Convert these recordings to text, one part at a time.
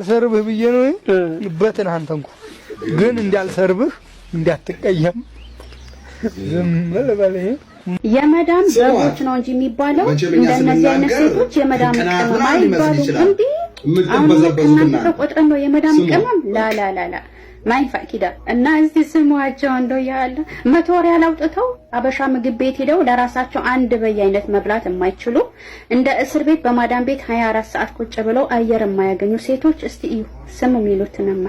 እንዳልሰርብህ ብዬ ነው ልበትን አንተ እንኳ ግን እንዳልሰርብህ እንዳትቀየም ዝም ልበልህ። የመዳም ዘሮች ነው እንጂ የሚባለው እንደነዚህ አይነት ሴቶች የመዳም ቅመም አይባሉም። እንዲህ አሁን እናንተ ተቆጥረን ነው የመዳም ቅመም ላላላላ ማይፋኪዳ እና እዚህ ስሟቸው እንደው ያለ መቶ ወር ያላውጥተው አበሻ ምግብ ቤት ሄደው ለራሳቸው አንድ በየአይነት መብላት የማይችሉ እንደ እስር ቤት በማዳን ቤት 24 ሰዓት ቁጭ ብለው አየር የማያገኙ ሴቶች እስቲ እዩ ስም የሚሉትንማ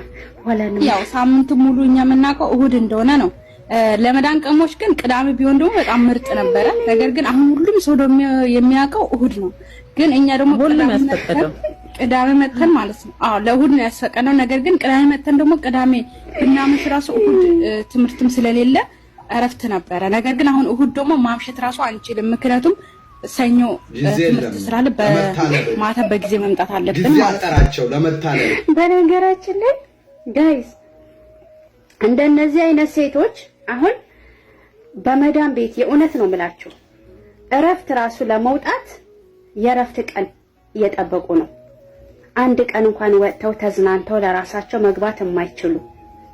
ወላን ያው ሳምንቱ ሙሉ እኛ የምናውቀው እሁድ እንደሆነ ነው። ለመዳን ቀሞች ግን ቅዳሜ ቢሆን ደግሞ በጣም ምርጥ ነበረ። ነገር ግን አሁን ሁሉም ሰው የሚያውቀው እሁድ ነው። ግን እኛ ደግሞ ሁሉም ያስፈቀደው ቅዳሜ መተን ማለት ነው። አዎ ለእሑድ ነው ያስፈቀነው። ነገር ግን ቅዳሜ መተን ደግሞ ቅዳሜ ብናመሽ ራሱ እሁድ ትምህርትም ስለሌለ እረፍት ነበረ። ነገር ግን አሁን እሁድ ደግሞ ማምሸት ራሱ አንችልም፣ ምክንያቱም ሰኞ ትምህርት ስላለ በማታ በጊዜ መምጣት አለብን ማለት ነው። በነገራችን ላይ ጋይስ እንደነዚህ አይነት ሴቶች አሁን በመዳን ቤት የእውነት ነው የምላችሁ እረፍት ራሱ ለመውጣት የእረፍት ቀን እየጠበቁ ነው። አንድ ቀን እንኳን ወጥተው ተዝናንተው ለራሳቸው መግባት የማይችሉ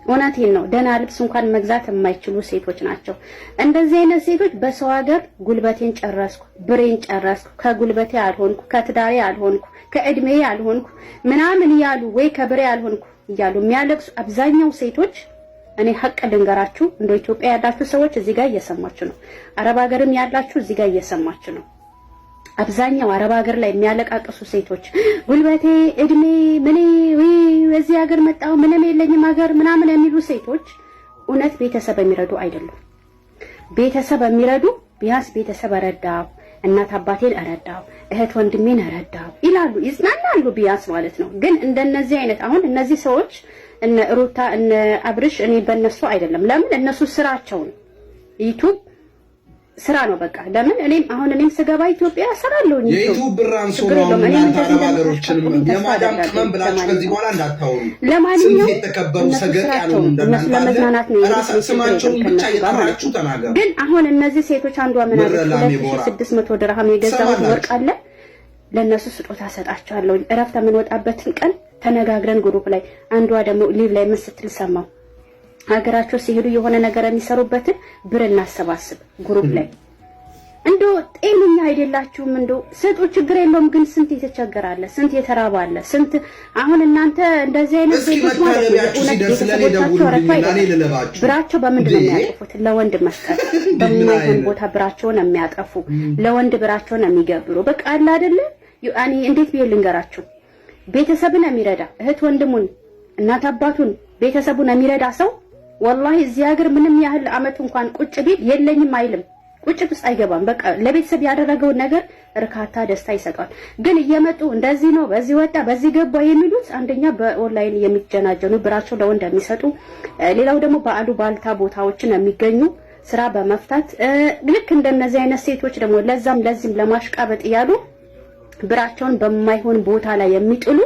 እውነቴን ነው። ደህና ልብስ እንኳን መግዛት የማይችሉ ሴቶች ናቸው። እንደዚህ አይነት ሴቶች በሰው ሀገር ጉልበቴን ጨረስኩ፣ ብሬን ጨረስኩ፣ ከጉልበቴ አልሆንኩ፣ ከትዳሬ አልሆንኩ፣ ከእድሜ አልሆንኩ ምናምን እያሉ ወይ ከብሬ አልሆንኩ እያሉ የሚያለቅሱ አብዛኛው ሴቶች እኔ ሀቅ ልንገራችሁ፣ እንደ ኢትዮጵያ ያላችሁ ሰዎች እዚህ ጋር እየሰማችሁ ነው። አረብ ሀገርም ያላችሁ እዚህ ጋር እየሰማችሁ ነው። አብዛኛው አረብ ሀገር ላይ የሚያለቃቅሱ ሴቶች ጉልበቴ፣ እድሜ፣ ምኔ ወይ በዚህ ሀገር መጣሁ ምንም የለኝም ሀገር ምናምን የሚሉ ሴቶች እውነት ቤተሰብ የሚረዱ አይደሉም። ቤተሰብ የሚረዱ ቢያንስ ቤተሰብ እረዳው፣ እናት አባቴን እረዳው፣ እህት ወንድሜን እረዳው ይላሉ፣ ይጽናናሉ ቢያንስ ማለት ነው። ግን እንደነዚህ አይነት አሁን እነዚህ ሰዎች እነ ሩታ እነ አብርሽ እኔ በእነሱ አይደለም። ለምን እነሱ ስራቸውን ዩቱብ ስራ ነው በቃ። ለምን እኔም አሁን እኔም ስገባ ኢትዮጵያ ስራለሁ። የዩቱብ ብራን አንሶ ነው እናንተ አረብ ሀገሮችንም የማዳም ቅመም ብላችሁ ከዚህ በኋላ እንዳታወሩ። ለማንኛውም የተከበሩ ሰገጤያቸው ለመዝናናት ነው ስማቸውን ብቻ እየጠራችሁ ተናገሩ። ግን አሁን እነዚህ ሴቶች አንዷ ምን አለች፣ ስድስት መቶ ድርሃም የገዛሁት ወርቅ አለ ለእነሱ ስጦታ ሰጣቸዋለሁ። እረፍት የምንወጣበትን ቀን ተነጋግረን ግሩፕ ላይ አንዷ ደግሞ ሊቭ ላይ ምን ስትል ሰማሁ ሀገራቸው ሲሄዱ የሆነ ነገር የሚሰሩበትን ብር እናሰባስብ ግሩፕ ላይ እንዶ ጤነኛ አይደላችሁም። እንዶ ስጡ፣ ችግር የለውም ግን ስንት የተቸገራለ፣ ስንት የተራባለ፣ ስንት አሁን እናንተ እንደዚህ አይነት ቤቶች ማለት ነው። ብራቸው በምንድን ነው የሚያጠፉት? ለወንድ መስጠት በማይሆን ቦታ ብራቸውን የሚያጠፉ ለወንድ ብራቸውን የሚገብሩ በቃ አለ አይደለ? ያኔ እንዴት ብዬ ልንገራችሁ? ቤተሰብን የሚረዳ እህት ወንድሙን እናት አባቱን ቤተሰቡን የሚረዳ ሰው ወላሂ እዚህ ሀገር ምንም ያህል አመት እንኳን ቁጭ ቢል የለኝም አይልም። ቁጭት ውስጥ አይገባም። በቃ ለቤተሰብ ያደረገውን ነገር እርካታ፣ ደስታ ይሰጠዋል። ግን እየመጡ እንደዚህ ነው፣ በዚህ ወጣ፣ በዚህ ገባ የሚሉት አንደኛ በኦንላይን የሚጀናጀኑ ብራቸው ለወንድ የሚሰጡ፣ ሌላው ደግሞ በአሉ በአሉባልታ ቦታዎችን የሚገኙ ስራ በመፍታት ልክ እንደነዚህ አይነት ሴቶች ደግሞ ለዛም ለዚህም ለማሽቃበጥ እያሉ ብራቸውን በማይሆን ቦታ ላይ የሚጥሉ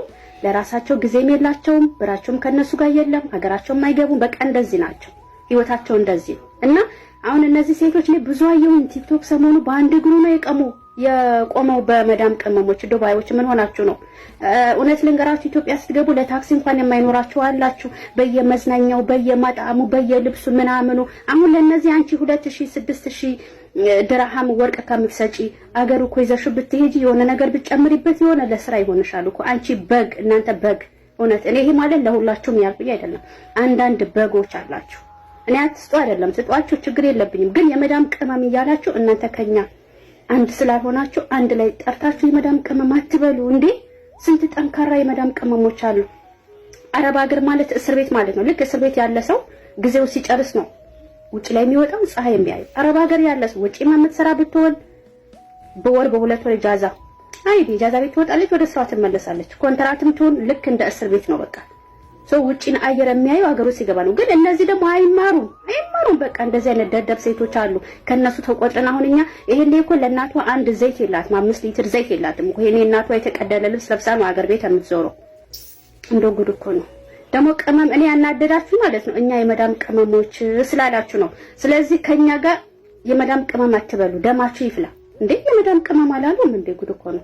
ለራሳቸው ጊዜም የላቸውም፣ ብራቸውም ከነሱ ጋር የለም፣ ሀገራቸውም አይገቡም። በቃ እንደዚህ ናቸው፣ ህይወታቸው እንደዚህ ነው። እና አሁን እነዚህ ሴቶች ላይ ብዙ አየሁኝ ቲክቶክ ሰሞኑ በአንድ እግሩ ነው የቀሙ የቆመው በመዳም ቅመሞች ዱባዮች፣ ምን ሆናችሁ ነው? እውነት ልንገራችሁ፣ ኢትዮጵያ ስትገቡ ለታክሲ እንኳን የማይኖራችሁ አላችሁ። በየመዝናኛው፣ በየማጣሙ፣ በየልብሱ ምናምኑ። አሁን ለእነዚህ አንቺ ሁለት ሺህ ስድስት ሺህ ድርሃም ወርቅ ከምትሰጪ አገሩ እኮ ይዘሽ ብትሄጂ የሆነ ነገር ብትጨምሪበት የሆነ ለስራ ይሆንሻል እኮ አንቺ በግ፣ እናንተ በግ እውነት እኔ ይሄ ማለት ለሁላችሁም ያልኩኝ አይደለም። አንዳንድ በጎች አላችሁ። እኔ አትስጡ አይደለም ስጧችሁ፣ ችግር የለብኝም። ግን የመዳም ቅመም እያላችሁ እናንተ ከኛ አንድ ስላልሆናችሁ አንድ ላይ ጠርታችሁ የመዳም ቅመም አትበሉ እንዴ! ስንት ጠንካራ የመዳም ቅመሞች አሉ። አረብ ሀገር ማለት እስር ቤት ማለት ነው። ልክ እስር ቤት ያለ ሰው ጊዜው ሲጨርስ ነው ውጭ ላይ የሚወጣው ፀሐይ የሚያይ አረብ ሀገር ያለ ሰው ውጪ የምትሰራ ብትሆን በወር በሁለት ወር ጃዛ አይ ጃዛ ቤት ትወጣለች፣ ወደ ስራዋ ትመለሳለች። ኮንትራትም ትሆን ልክ እንደ እስር ቤት ነው። በቃ ሰው ውጪን አየር የሚያየው ሀገሩ ሲገባ ነው። ግን እነዚህ ደግሞ አይማሩም አይማሩም። በቃ እንደዚህ አይነት ደደብ ሴቶች አሉ። ከነሱ ተቆጥረን አሁን እኛ ይሄን እኮ ለእናቷ አንድ ዘይት የላትም አምስት ሊትር ዘይት የላትም። ይሄኔ እናቷ የተቀደለ ልብስ ለብሳ ነው ሀገር ቤት የምትዞረው። እንደ ጉድ እኮ ነው። ደግሞ ቅመም እኔ ያናደዳችሁ ማለት ነው እኛ የመዳም ቅመሞች ስላላችሁ ነው። ስለዚህ ከኛ ጋር የመዳም ቅመም አትበሉ፣ ደማችሁ ይፍላ። እንዴ የመዳም ቅመም አላሉም እንዴ? ጉድ እኮ ነው።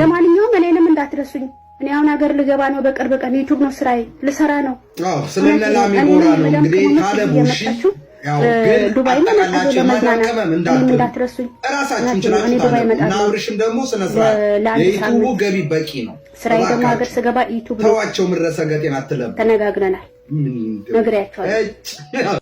ለማንኛውም እኔንም እንዳትረሱኝ። እኔ አሁን ሀገር ልገባ ነው በቅርብ ቀን። ዩቱብ ነው ስራዬ፣ ልሰራ ነው። አዎ ስለለላሚ ሞራ ነው እንግዲህ ዱባይ እንዳትረሱኝ። እኔ ዱባይ እመጣለሁ። ደግሞ የዩቱቡ ገቢ በቂ ነው። ስራዬ ደግሞ ሀገር ስገባ ዩቱብ ተዋቸው። ምረሰ አትለም። ተነጋግረናል፣ ነግሬያቸዋለሁ።